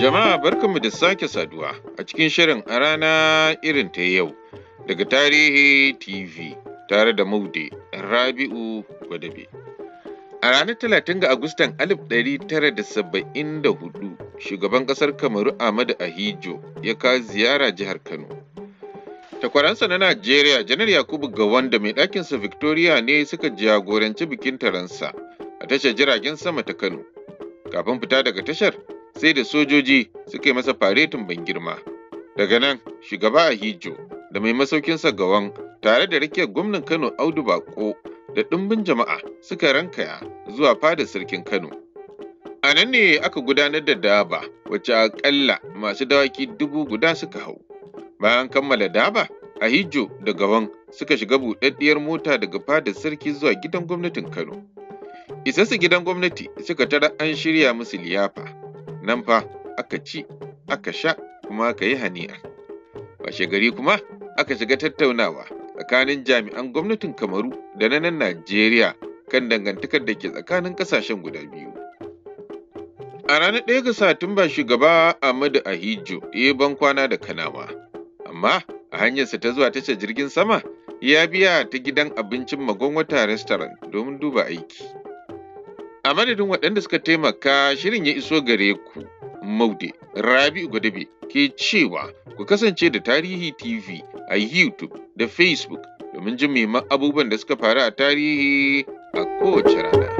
Jama'a barkanmu da sake saduwa a cikin shirin a rana irin ta yau daga Tarihi TV tare da Maude Rabi'u Gwadabe. A ranar 30 ga Agustan 1974, shugaban ƙasar Kamaru Ahmadu Ahijo ya ka ziyara jihar Kano. Takwaransa na Najeriya, Janar Yakubu ga da mai ɗakinsa Victoria ne suka jagoranci bikin taransa a tashar jiragen sama ta Kano. Kafin fita daga tashar, sai da sojoji suka yi masa faretin ban girma. Daga nan, shugaba Ahijo da mai masaukin gawan tare da rike gwamnan Kano Audu Bako da ɗimbin jama'a suka rankaya zuwa fadar sarkin Kano. A nan ne aka gudanar da daba wacce aƙalla masu dawaki dubu guda suka hau. Bayan kammala daba, Ahijo da Gawan suka shiga buɗaɗɗiyar mota daga fadar sarki zuwa gidan gwamnatin Kano. Isa su gidan gwamnati suka tara an shirya musu liyafa. nan fa aka ci aka sha kuma aka yi hani'a washe gari kuma aka shiga tattaunawa tsakanin jami'an gwamnatin kamaru da na nan najeriya kan dangantakar da ke tsakanin ƙasashen guda biyu a ranar ɗaya ga satumba shugaba ahmadu ahijo ya ban kwana da kanama amma a hanyarsa ta zuwa tashar jirgin sama ya biya ta gidan abincin wata restaurant domin duba aiki A madadin waɗanda suka taimaka shirin ya iso gare ku, Maude, Rabi'u Gwadabe ke cewa ku kasance da Tarihi TV a YouTube da Facebook domin jin abubuwan da suka faru a tarihi a kowace rana.